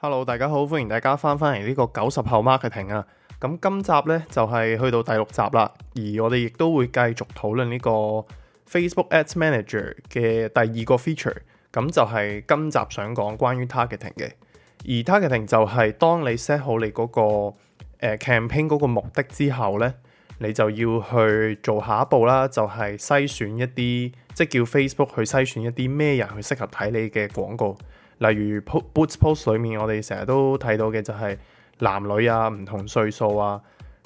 Hello，大家好，歡迎大家翻返嚟呢個九十後 marketing 啊。咁今集呢，就係去到第六集啦，而我哋亦都會繼續討論呢個 Facebook Ads Manager 嘅第二個 feature。咁就係今集想講關於 targeting 嘅，而 targeting 就係當你 set 好你嗰個誒 campaign 嗰個目的之後呢，你就要去做下一步啦，就係篩選一啲即係叫 Facebook 去篩選一啲咩人去適合睇你嘅廣告。例如 Boost Posts 裏面，我哋成日都睇到嘅就係男女啊，唔同歲數啊，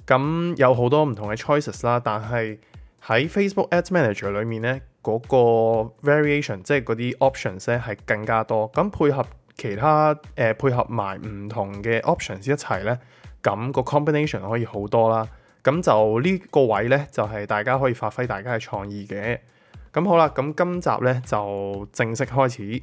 咁有好多唔同嘅 choices 啦。但係喺 Facebook Ads Manager 裏面呢，嗰個 variation 即係嗰啲 options 咧係更加多。咁配合其他誒、呃、配合埋唔同嘅 options 一齊呢，咁個 combination 可以好多啦。咁就呢個位呢，就係大家可以發揮大家嘅創意嘅。咁好啦，咁今集呢，就正式開始。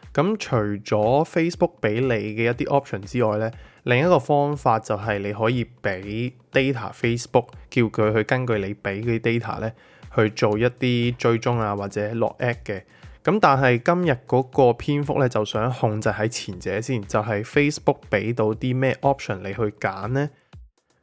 咁除咗 Facebook 俾你嘅一啲 option 之外咧，另一個方法就係你可以俾 data Facebook 叫佢去根據你俾嗰啲 data 咧，去做一啲追蹤啊或者落 app 嘅。咁但係今日嗰個篇幅咧，就想控制喺前者先，就係、是、Facebook 俾到啲咩 option 你去揀咧。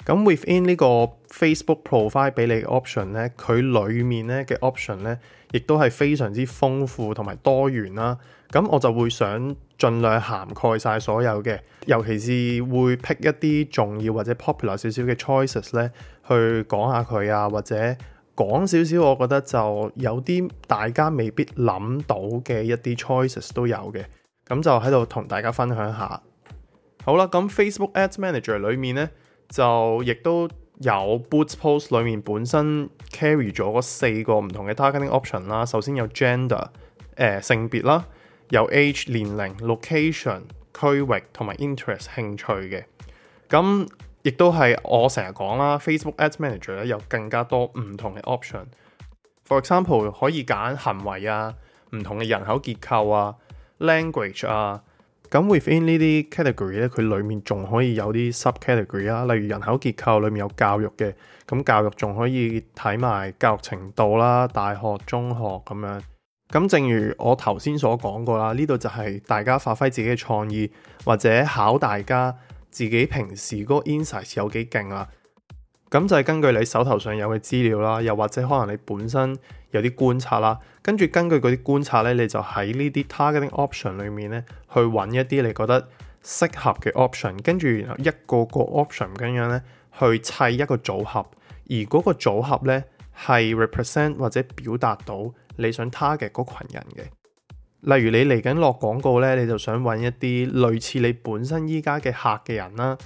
咁 within 呢個 Facebook profile 俾你嘅 option 咧，佢裏面咧嘅 option 咧，亦都係非常之豐富同埋多元啦、啊。咁我就會想盡量涵蓋晒所有嘅，尤其是會 pick 一啲重要或者 popular 少少嘅 choices 咧，去講下佢啊，或者講少少。我覺得就有啲大家未必諗到嘅一啲 choices 都有嘅。咁就喺度同大家分享下。好啦，咁 Facebook Ads Manager 裏面呢，就亦都有 Boost Post 裏面本身 carry 咗嗰四個唔同嘅 targeting option 啦。首先有 gender，誒、呃、性別啦。有 age 年齡、location 區域同埋 interest 興趣嘅，咁亦都係我成日講啦。Facebook Ads Manager 咧有更加多唔同嘅 option。For example，可以揀行為啊、唔同嘅人口結構啊、language 啊。咁 within 呢啲 category 咧，佢裡面仲可以有啲 subcategory 啊，例如人口結構裡面有教育嘅，咁教育仲可以睇埋教育程度啦、大學、中學咁樣。咁正如我頭先所講過啦，呢度就係大家發揮自己嘅創意，或者考大家自己平時嗰個 insights 有幾勁啦。咁就係根據你手頭上有嘅資料啦，又或者可能你本身有啲觀察啦，跟住根據嗰啲觀察呢，你就喺呢啲 targeting option 裏面呢去揾一啲你覺得適合嘅 option，跟住一個個 option 咁樣呢去砌一個組合，而嗰個組合呢，係 represent 或者表達到你想 target 嗰羣人嘅。例如你嚟緊落廣告呢，你就想揾一啲類似你本身依家嘅客嘅人啦。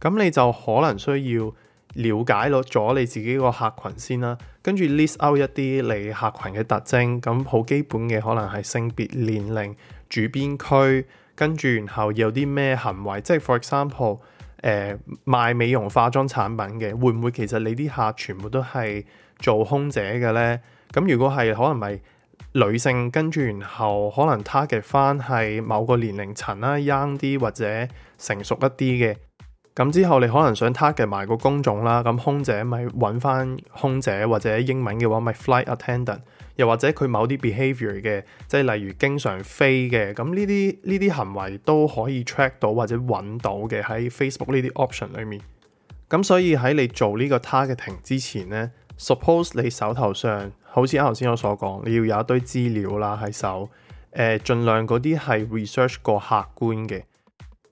咁你就可能需要了解落咗你自己個客群先啦。跟住 list out 一啲你客群嘅特徵，咁好基本嘅可能係性別、年齡、住邊區，跟住然後有啲咩行為，即係 for example。誒、呃、賣美容化妝產品嘅會唔會其實你啲客全部都係做空姐嘅咧？咁如果係可能係女性，跟住然後可能 target 翻係某個年齡層啦 young 啲或者成熟一啲嘅。咁之後，你可能想 target 埋個工種啦。咁空姐咪揾翻空姐或者英文嘅話，咪、就是、flight attendant。又或者佢某啲 behaviour 嘅，即係例如經常飛嘅。咁呢啲呢啲行為都可以 track 到或者揾到嘅喺 Facebook 呢啲 option 裏面。咁所以喺你做呢個 targeting 之前呢，suppose 你手頭上好似啱頭先我所講，你要有一堆資料啦喺手。誒、呃，儘量嗰啲係 research 過客觀嘅。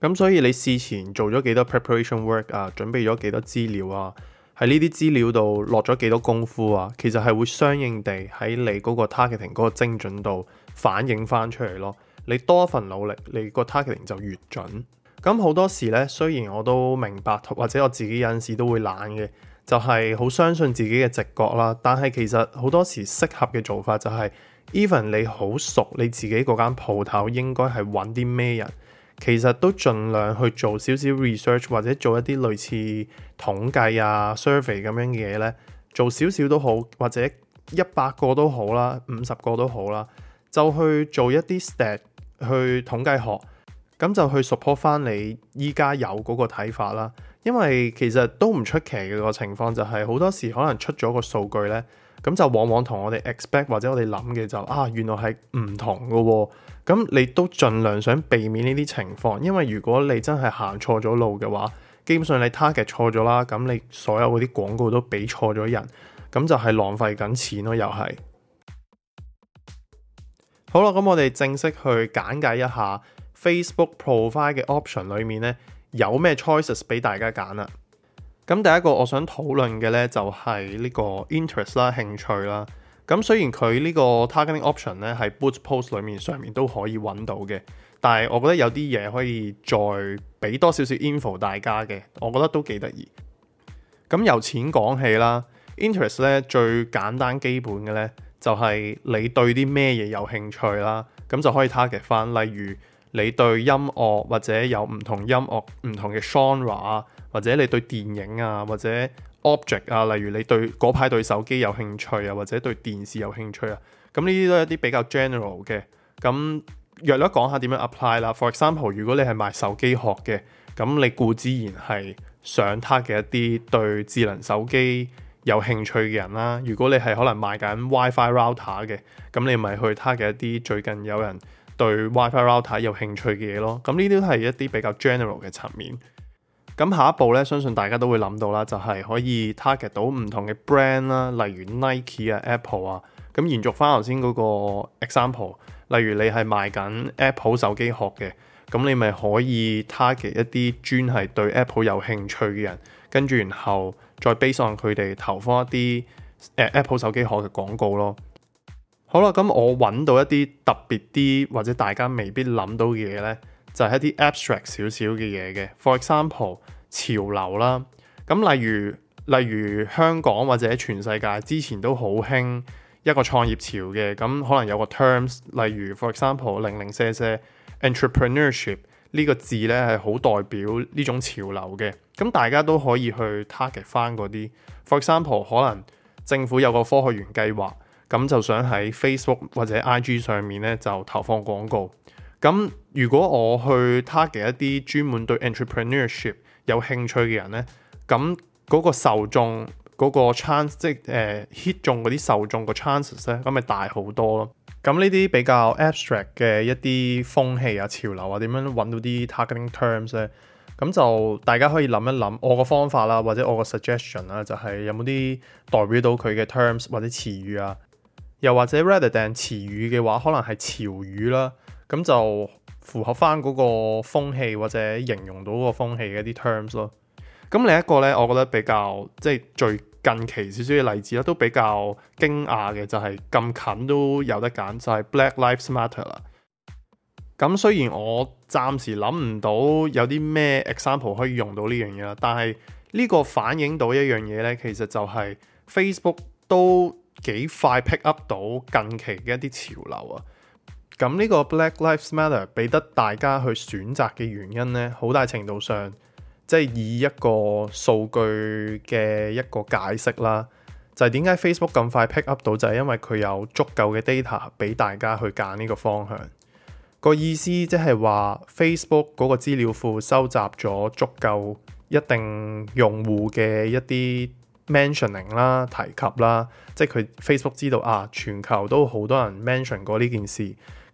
咁所以你事前做咗幾多 preparation work 啊？準備咗幾多資料啊？喺呢啲資料度落咗幾多功夫啊？其實係會相應地喺你嗰個 targeting 嗰個精準度反映翻出嚟咯。你多一份努力，你個 targeting 就越準。咁好多時呢，雖然我都明白，或者我自己有陣時都會懶嘅，就係好相信自己嘅直覺啦。但係其實好多時適合嘅做法就係，even 你好熟你自己嗰間鋪頭，應該係揾啲咩人？其實都盡量去做少少 research 或者做一啲類似統計啊 survey 咁樣嘅嘢。呢做少少都好，或者一百個都好啦，五十個都好啦，就去做一啲 step 去統計學，咁就去 support 翻你依家有嗰個睇法啦。因為其實都唔出奇嘅個情況，就係好多時可能出咗個數據呢。咁就往往同我哋 expect 或者我哋諗嘅就啊，原來係唔同嘅喎、哦。咁你都盡量想避免呢啲情況，因為如果你真係行錯咗路嘅話，基本上你 target 錯咗啦。咁你所有嗰啲廣告都俾錯咗人，咁就係浪費緊錢咯，又係。好啦，咁我哋正式去簡介一下 Facebook Profile 嘅 Option 裏面咧，有咩 choices 俾大家揀啊。咁第一個我想討論嘅呢就係、是、呢個 interest 啦、興趣啦。咁雖然佢呢個 targeting option 呢喺 boost post 裏面上面都可以揾到嘅，但係我覺得有啲嘢可以再俾多少少 info 大家嘅，我覺得都幾得意。咁由淺講起啦，interest 呢最簡單基本嘅呢就係、是、你對啲咩嘢有興趣啦，咁就可以 target 返。例如你對音樂或者有唔同音樂唔同嘅 genre。或者你對電影啊，或者 object 啊，例如你對嗰排對手機有興趣啊，或者對電視有興趣啊，咁呢啲都係一啲比較 general 嘅。咁約略講下點樣 apply 啦。For example，如果你係賣手機殼嘅，咁你固之然係想 target 嘅一啲對智能手機有興趣嘅人啦。如果你係可能賣緊 WiFi router 嘅，咁你咪去 target 嘅一啲最近有人對 WiFi router 有興趣嘅嘢咯。咁呢啲都係一啲比較 general 嘅層面。咁下一步咧，相信大家都會諗到啦，就係可以 target 到唔同嘅 brand 啦，例如 Nike 啊、Apple 啊。咁延續翻頭先嗰個 example，例如你係賣緊 Apple 手機殼嘅，咁你咪可以 target 一啲專係對 Apple 有興趣嘅人，跟住然後再 base on 佢哋投放一啲 Apple 手機殼嘅廣告咯。好啦，咁我揾到一啲特別啲或者大家未必諗到嘅嘢呢。就係一啲 abstract 少少嘅嘢嘅，for example 潮流啦，咁例如例如香港或者全世界之前都好興一個創業潮嘅，咁可能有個 terms，例如 for example 零零舍舍 entrepreneurship 呢個字呢係好代表呢種潮流嘅，咁大家都可以去 target 翻嗰啲，for example 可能政府有個科學園計劃，咁就想喺 Facebook 或者 IG 上面呢就投放廣告。咁如果我去 target 一啲專門對 entrepreneurship 有興趣嘅人呢，咁嗰個受眾嗰個 chance，即係誒 hit 中嗰啲受眾個 chances 呢，咁咪大好多咯。咁呢啲比較 abstract 嘅一啲風氣啊、潮流啊，點樣揾到啲 targeting terms 呢？咁就大家可以諗一諗我個方法啦，或者我個 suggestion 啦，就係有冇啲代表到佢嘅 terms 或者詞語啊？又或者 rather than 詞語嘅話，可能係潮語啦。咁就符合翻嗰個風氣或者形容到嗰個風氣嘅一啲 terms 咯。咁另一個呢，我覺得比較即係最近期少少嘅例子咧，都比較驚訝嘅，就係咁近都有得揀，就係 Black Lives Matter 啦。咁雖然我暫時諗唔到有啲咩 example 可以用到呢樣嘢啦，但係呢個反映到一樣嘢呢，其實就係 Facebook 都幾快 pick up 到近期嘅一啲潮流啊。咁呢個 Black Lives Matter 俾得大家去選擇嘅原因呢，好大程度上即係以一個數據嘅一個解釋啦，就係點解 Facebook 咁快 pick up 到，就係因為佢有足夠嘅 data 俾大家去揀呢個方向。個意思即係話 Facebook 嗰個資料庫收集咗足夠一定用戶嘅一啲 mentioning 啦、提及啦，即係佢 Facebook 知道啊，全球都好多人 mention 過呢件事。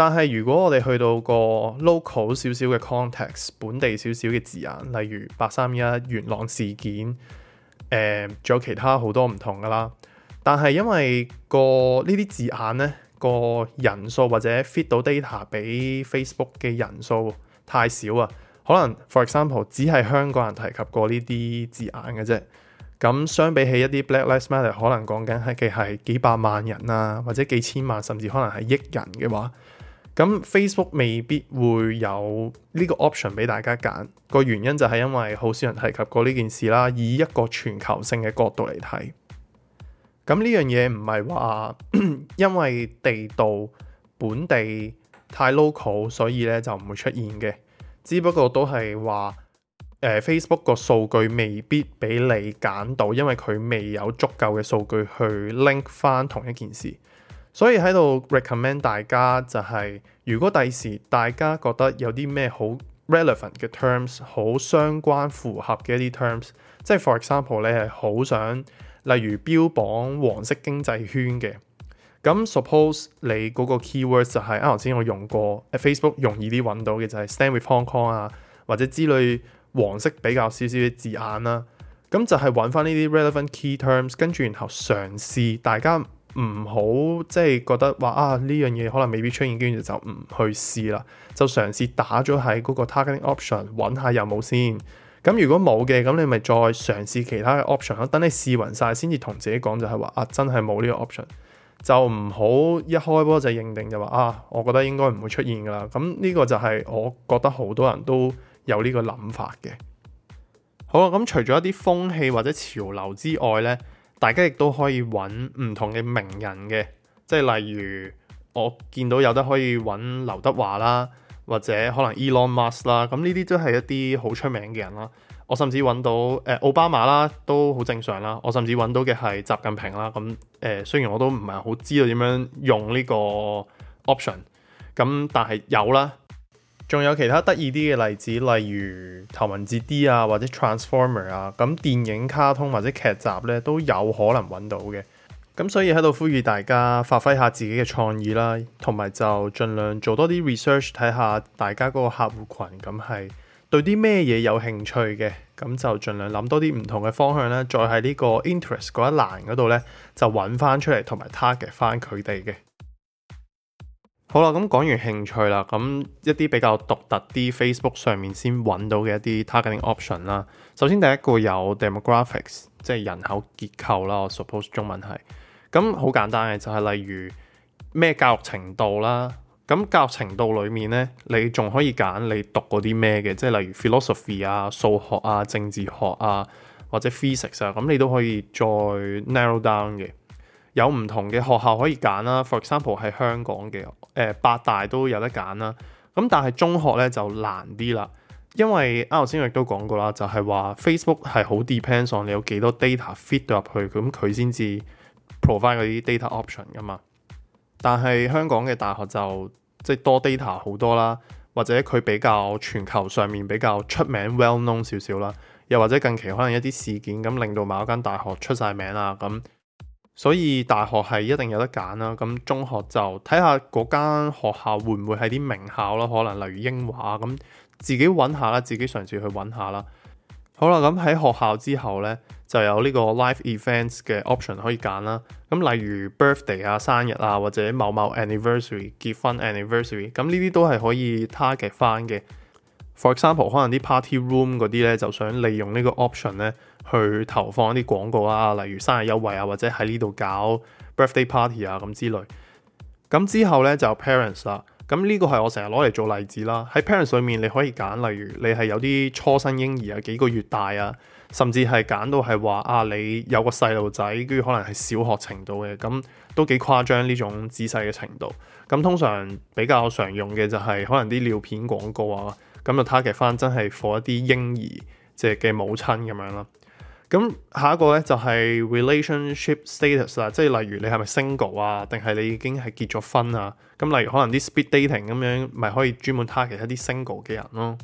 但係如果我哋去到個 local 少少嘅 context，本地少少嘅字眼，例如八三一、元朗事件，誒、呃，仲有其他好多唔同噶啦。但係因為個呢啲字眼呢，個人數或者 fit 到 data 俾 Facebook 嘅人數太少啊，可能 for example 只係香港人提及過呢啲字眼嘅啫。咁相比起一啲 Black Lives Matter，可能講緊係嘅係幾百萬人啊，或者幾千萬，甚至可能係億人嘅話。咁 Facebook 未必會有呢個 option 俾大家揀，個原因就係因為好少人提及過呢件事啦。以一個全球性嘅角度嚟睇，咁呢樣嘢唔係話因為地道本地太 local，所以咧就唔會出現嘅。只不過都係話，誒、呃、Facebook 個數據未必俾你揀到，因為佢未有足夠嘅數據去 link 翻同一件事。所以喺度 recommend 大家就係，如果第時大家覺得有啲咩好 relevant 嘅 terms，好相關符合嘅一啲 terms，即係 for example 你係好想，例如標榜黃色經濟圈嘅，咁 suppose 你嗰個 keywords 就係啱頭先我用過 Facebook 容易啲揾到嘅就係 stand with Hong Kong 啊，或者之類黃色比較少少嘅字眼啦，咁就係揾返呢啲 relevant key terms，跟住然後嘗試大家。唔好即係覺得話啊呢樣嘢可能未必出現，跟住就唔去試啦，就嘗試打咗喺嗰個 targeting option 揾下有冇先。咁如果冇嘅，咁你咪再嘗試其他嘅 option。等你試勻晒先，至同自己講就係話啊，真係冇呢個 option，就唔好一開波就認定就話啊，我覺得應該唔會出現噶啦。咁呢個就係我覺得好多人都有呢個諗法嘅。好啦，咁除咗一啲風氣或者潮流之外呢。大家亦都可以揾唔同嘅名人嘅，即係例如我見到有得可以揾劉德華啦，或者可能 Elon Musk 啦，咁呢啲都係一啲好出名嘅人啦。我甚至揾到誒奧、呃、巴馬奧巴馬啦，都好正常啦。我甚至揾到嘅係習近平啦，咁誒雖然我都唔係好知道點樣用呢個 option，咁但係有啦。仲有其他得意啲嘅例子，例如頭文字 D 啊，或者 Transformer 啊，咁電影、卡通或者劇集咧都有可能揾到嘅。咁所以喺度呼籲大家發揮下自己嘅創意啦，同埋就盡量做多啲 research，睇下大家嗰個客戶群咁係對啲咩嘢有興趣嘅，咁就盡量諗多啲唔同嘅方向啦。再喺呢個 interest 嗰一欄嗰度咧，就揾翻出嚟，同埋 target 翻佢哋嘅。好啦，咁講完興趣啦，咁一啲比較獨特啲 Facebook 上面先揾到嘅一啲 targeting option 啦。首先第一個有 demographics，即係人口結構啦。我 suppose 中文係，咁好簡單嘅就係、是、例如咩教育程度啦。咁教育程度裏面呢，你仲可以揀你讀嗰啲咩嘅，即係例如 philosophy 啊、數學啊、政治學啊或者 physics 啊，咁你都可以再 narrow down 嘅。有唔同嘅學校可以揀啦，for example 係香港嘅誒、呃、八大都有得揀啦。咁但係中學咧就難啲啦，因為啱頭先亦都講過啦，就係話 Facebook 係好 depends on 你有幾多 data fit 入去，咁佢先至 provide 嗰啲 data option 噶嘛。但係香港嘅大學就即係多 data 好多啦，或者佢比較全球上面比較出名 well known 少少啦，又或者近期可能一啲事件咁令到某間大學出晒名啦咁。所以大學係一定有得揀啦，咁中學就睇下嗰間學校會唔會係啲名校啦，可能例如英華咁，自己揾下啦，自己嘗試去揾下啦。好啦，咁喺學校之後呢，就有呢個 life events 嘅 option 可以揀啦。咁例如 birthday 啊、生日啊，或者某某 anniversary 結婚 anniversary，咁呢啲都係可以 target 翻嘅。For example，可能啲 party room 嗰啲呢，就想利用呢個 option 呢。去投放一啲廣告啦，啊，例如生日優惠啊，或者喺呢度搞 Birthday Party 啊咁之類。咁之後呢，就有 Parents 啦，啊。咁、嗯、呢、這個係我成日攞嚟做例子啦。喺 Parents 上面你可以揀，例如你係有啲初生嬰兒啊，幾個月大啊，甚至係揀到係話啊，你有個細路仔，跟、啊、住可能係小學程度嘅，咁、啊嗯嗯嗯、都幾誇張呢種仔細嘅程度。咁、啊嗯、通常比較常用嘅就係，是、可能啲尿片廣告啊，咁、啊啊嗯嗯嗯嗯、就 target 翻真係 for 一啲嬰兒即係嘅母親咁樣啦。啊。咁下一個咧就係 relationship status 啦，即係例如你係咪 single 啊，定係你已經係結咗婚啊？咁例如可能啲 speed dating 咁樣，咪可以專門 target 一啲 single 嘅人咯。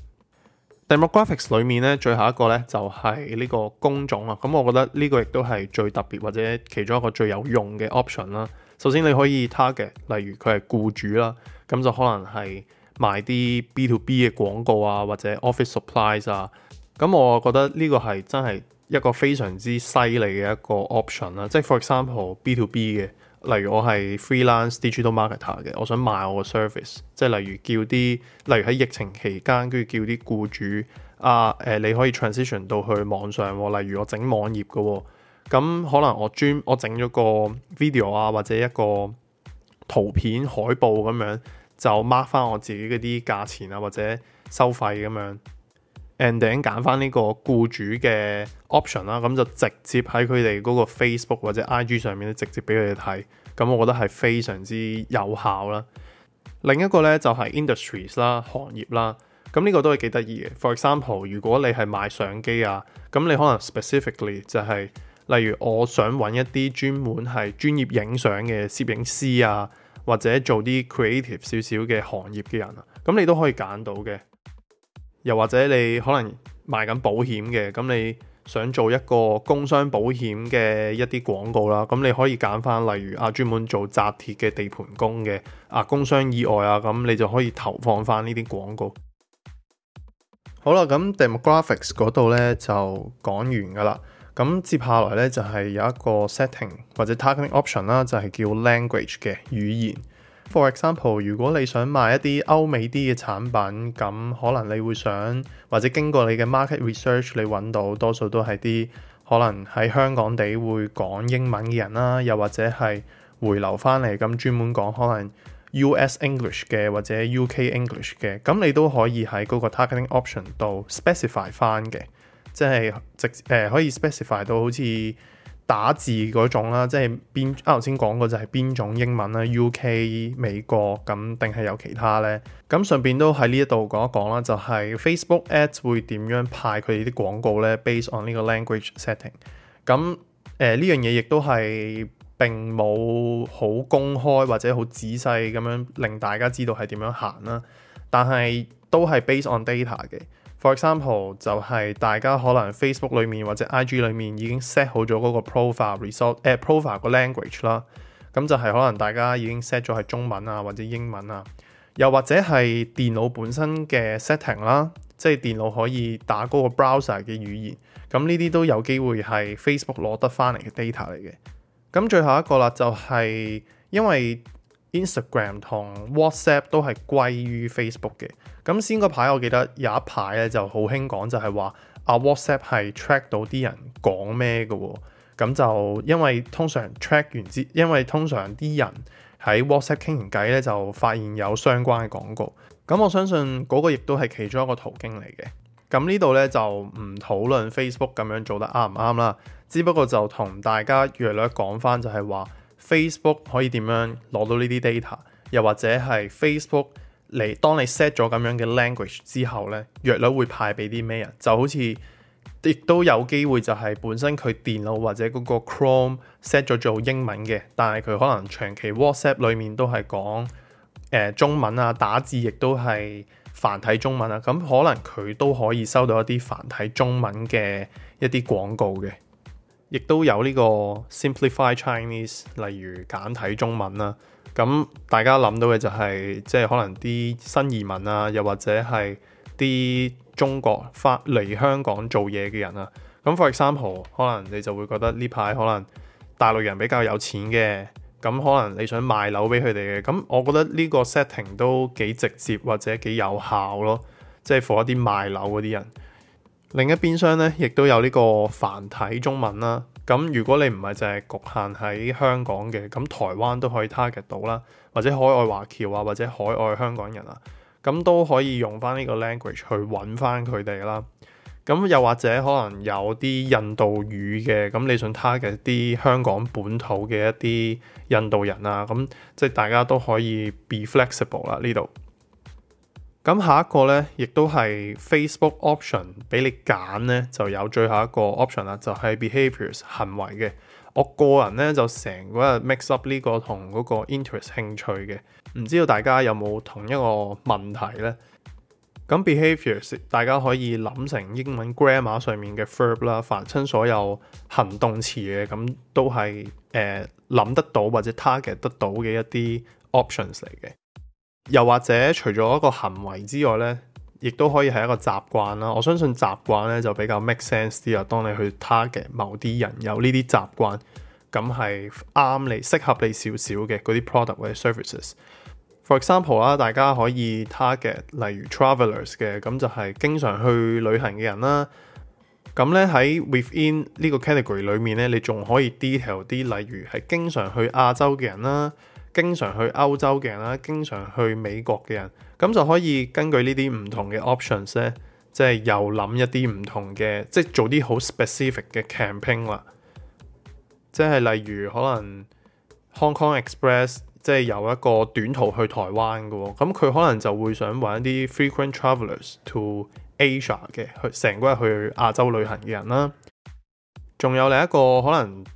Demographics 裡面咧，最後一個咧就係呢個工種啊。咁我覺得呢個亦都係最特別或者其中一個最有用嘅 option 啦。首先你可以 target，例如佢係僱主啦，咁就可能係賣啲 B to B 嘅廣告啊，或者 office supplies 啊。咁我覺得呢個係真係，一個非常之犀利嘅一個 option 啦，即係 for example B to B 嘅，例如我係 freelance digital marketer 嘅，我想賣我個 service，即係例如叫啲，例如喺疫情期間跟住叫啲僱主啊，誒、呃、你可以 transition 到去網上喎，例如我整網頁嘅，咁可能我專我整咗個 video 啊，或者一個圖片海報咁樣，就 mark 翻我自己嗰啲價錢啊，或者收費咁樣。End in 揀翻呢個僱主嘅 option 啦，咁就直接喺佢哋嗰個 Facebook 或者 IG 上面咧，直接俾佢哋睇。咁我覺得係非常之有效啦。另一個咧就係、是、industries 啦，行業啦。咁呢個都係幾得意嘅。For example，如果你係賣相機啊，咁你可能 specifically 就係、是、例如我想揾一啲專門係專業影相嘅攝影師啊，或者做啲 creative 少少嘅行業嘅人啊，咁你都可以揀到嘅。又或者你可能賣緊保險嘅，咁你想做一個工傷保險嘅一啲廣告啦，咁你可以揀翻，例如啊專門做紮鐵嘅地盤工嘅啊工傷意外啊，咁你就可以投放翻呢啲廣告。 好啦，咁 demographics 嗰度呢就講完噶啦，咁接下來呢就係、是、有一個 setting 或者 targeting option 啦，就係叫 language 嘅語言。For example，如果你想買一啲歐美啲嘅產品，咁可能你會想或者經過你嘅 market research，你揾到多數都係啲可能喺香港地會講英文嘅人啦，啊，又或者係回流翻嚟咁專門講可能 US English 嘅或者 UK English 嘅，咁你都可以喺嗰個 targeting option 度 specify 翻嘅，即係直誒、呃、可以 specify 到好似。打字嗰種啦，即係邊啱頭先講過就係邊種英文啦，UK 美國咁定係有其他呢？咁順便都喺呢一度講一講啦，就係、是、Facebook Ads 會點樣派佢哋啲廣告呢？Based on 呢個 language setting。咁誒呢樣嘢亦都係並冇好公開或者好仔細咁樣令大家知道係點樣行啦，但係都係 based on data 嘅。For example，就係大家可能 Facebook 裏面或者 IG 裏面已經 set 好咗嗰個 profile result，誒 profile 個 language 啦。咁就係可能大家已經 set 咗係中文啊，或者英文啊，又或者係電腦本身嘅 setting 啦，即係電腦可以打嗰個 browser 嘅語言。咁呢啲都有機會係 Facebook 攞得返嚟嘅 data 嚟嘅。咁最後一個啦，就係因為。Instagram 同 WhatsApp 都係歸於 Facebook 嘅。咁先嗰排，我記得有一排咧就好興講，就係話啊 WhatsApp 係 track 到啲人講咩嘅。咁就因為通常 track 完之，因為通常啲人喺 WhatsApp 傾完偈咧，就發現有相關嘅廣告。咁我相信嗰個亦都係其中一個途徑嚟嘅。咁呢度咧就唔討論 Facebook 咁樣做得啱唔啱啦，只不過就同大家約略講翻，就係話。Facebook 可以點樣攞到呢啲 data？又或者係 Facebook 嚟，當你 set 咗咁樣嘅 language 之後呢，約率會派俾啲咩人？就好似亦都有機會，就係本身佢電腦或者嗰個 Chrome set 咗做英文嘅，但係佢可能長期 WhatsApp 裡面都係講誒中文啊，打字亦都係繁體中文啊，咁可能佢都可以收到一啲繁體中文嘅一啲廣告嘅。亦都有呢個 simplify Chinese，例如簡體中文啦。咁大家諗到嘅就係、是，即係可能啲新移民啊，又或者係啲中國翻嚟香港做嘢嘅人啊。咁 m p l e 可能你就會覺得呢排可能大陸人比較有錢嘅，咁可能你想賣樓俾佢哋嘅。咁我覺得呢個 setting 都幾直接或者幾有效咯，即係 for 一啲賣樓嗰啲人。另一邊廂咧，亦都有呢個繁體中文啦。咁如果你唔係淨係局限喺香港嘅，咁台灣都可以 target 到啦，或者海外華僑啊，或者海外香港人啊，咁都可以用翻呢個 language 去揾翻佢哋啦。咁又或者可能有啲印度語嘅，咁你想 target 啲香港本土嘅一啲印度人啊，咁即係大家都可以 be flexible 啦呢度。咁下一個呢，亦都係 Facebook option 俾你揀呢，就有最後一個 option 啦，就係 behaviors 行為嘅。我個人呢，就成日 mix up 呢個同嗰個 interest 興趣嘅，唔知道大家有冇同一個問題呢？咁 behaviors 大家可以諗成英文 grammar 上面嘅 verb 啦，凡親所有行動詞嘅，咁都係誒諗得到或者 target 得到嘅一啲 options 嚟嘅。又或者除咗一個行為之外呢，亦都可以係一個習慣啦。我相信習慣呢就比較 make sense 啲啊。當你去 target 某啲人有呢啲習慣，咁係啱你、適合你少少嘅嗰啲 product 或者 services。For example 啦，大家可以 target 例如 travellers 嘅，咁就係經常去旅行嘅人啦。咁呢，喺 within 呢個 category 裡面呢，你仲可以 detail 啲，例如係經常去亞洲嘅人啦。經常去歐洲嘅人啦，經常去美國嘅人，咁就可以根據呢啲唔同嘅 options 咧，即係又諗一啲唔同嘅，即係做啲好 specific 嘅 campaign 啦。即係例如可能 Hong Kong Express，即係有一個短途去台灣嘅喎，咁佢可能就會想揾一啲 frequent travellers to Asia 嘅，去成個日去亞洲旅行嘅人啦。仲有另一個可能。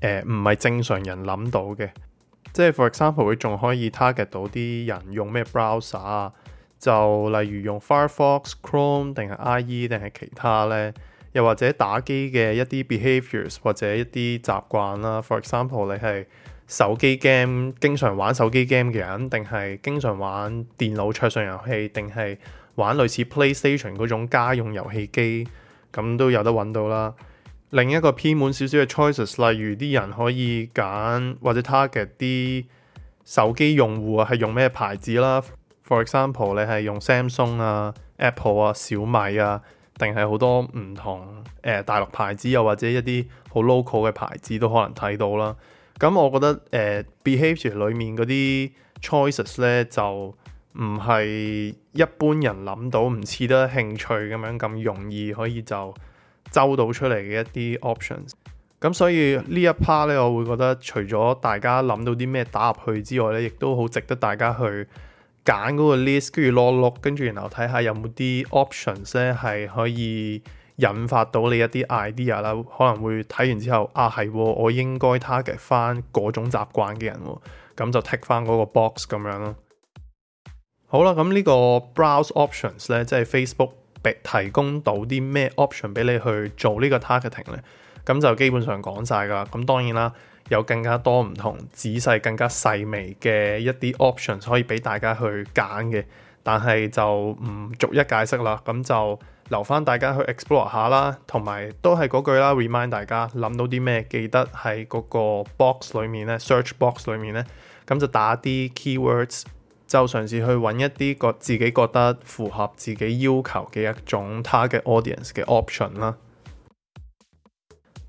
誒，唔係正常人諗到嘅，即係 for example 佢仲可以 target 到啲人用咩 browser 啊？就例如用 Firefox、Chrome 定係 IE 定係其他呢？又或者打機嘅一啲 behaviors 或者一啲習慣啦。For example 你係手機 game 經常玩手機 game 嘅人，定係經常玩電腦桌上遊戲，定係玩類似 PlayStation 嗰種家用遊戲機，咁都有得揾到啦。另一個偏門少少嘅 choices，例如啲人可以揀或者 target 啲手機用戶啊，係用咩牌子啦？For example，你係用 Samsung 啊、Apple 啊、小米啊，定係好多唔同誒、呃、大陸牌子、啊，又或者一啲好 local 嘅牌子都可能睇到啦。咁我覺得誒、呃、behaviour 裡面嗰啲 choices 咧，就唔係一般人諗到，唔似得興趣咁樣咁容易可以就收到出嚟嘅一啲 options，咁所以呢一 part 咧，我會覺得除咗大家諗到啲咩打入去之外咧，亦都好值得大家去揀嗰個 list，跟住落落，跟住然後睇下有冇啲 options 咧係可以引發到你一啲 idea 啦，可能會睇完之後啊係，我應該 target 翻嗰種習慣嘅人、喔，咁就 tick 翻嗰個 box 咁樣咯。好啦，咁呢個 browse options 咧，即係 Facebook。提供到啲咩 option 俾你去做呢個 targeting 咧？咁就基本上講曬㗎。咁當然啦，有更加多唔同、仔細、更加細微嘅一啲 options 可以俾大家去揀嘅。但係就唔逐一解釋啦。咁就留翻大家去 explore 下啦。同埋都係嗰句啦，remind 大家諗到啲咩記得喺嗰個 box 裏面咧，search box 裏面咧，咁就打啲 keywords。就嘗試去揾一啲個自己覺得符合自己要求嘅一種，target audience 嘅 option 啦。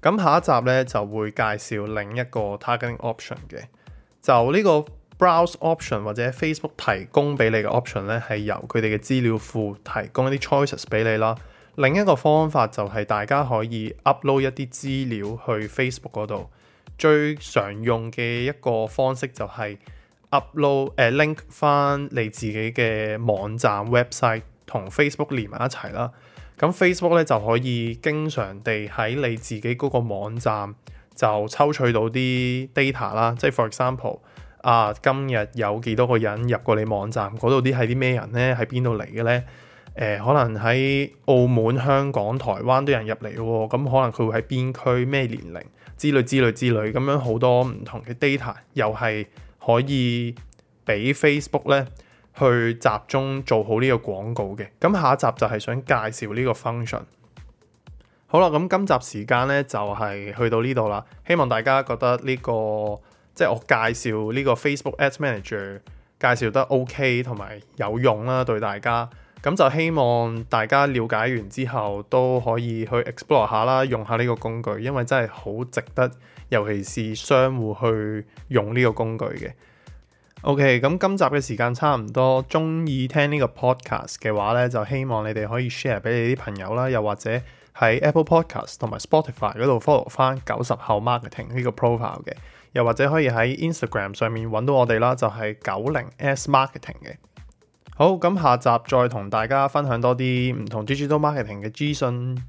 咁下一集呢，就會介紹另一個 targeting option 嘅，就呢個 browse option 或者 Facebook 提供俾你嘅 option 呢，係由佢哋嘅資料庫提供一啲 choices 俾你啦。另一個方法就係大家可以 upload 一啲資料去 Facebook 嗰度。最常用嘅一個方式就係、是。upload、uh, link 翻你自己嘅網站 website 同 Facebook 連埋一齊啦。咁 Facebook 咧就可以經常地喺你自己嗰個網站就抽取到啲 data 啦，即係 for example 啊，今日有幾多個人入過你網站嗰度？啲係啲咩人咧？喺邊度嚟嘅咧？誒、呃，可能喺澳門香港、台灣啲人入嚟嘅，咁可能佢會喺邊區咩年齡之類之類之類，咁樣好多唔同嘅 data，又係。可以俾 Facebook 咧去集中做好呢個廣告嘅。咁下一集就係想介紹呢個 function。好啦，咁今集時間咧就係、是、去到呢度啦。希望大家覺得呢、這個即係我介紹呢個 Facebook Ads Manager 介紹得 OK 同埋有，有用啦，對大家。咁就希望大家了解完之後都可以去 explore 下啦，用下呢個工具，因為真係好值得，尤其是商戶去用呢個工具嘅。OK，咁今集嘅時間差唔多，中意聽呢個 podcast 嘅話呢，就希望你哋可以 share 俾你啲朋友啦，又或者喺 Apple Podcast 同埋 Spotify 嗰度 follow 翻九十後 marketing 呢個 profile 嘅，又或者可以喺 Instagram 上面揾到我哋啦，就係九零 S Marketing 嘅。好，咁下集再同大家分享多啲唔同 Digital Marketing 嘅資訊。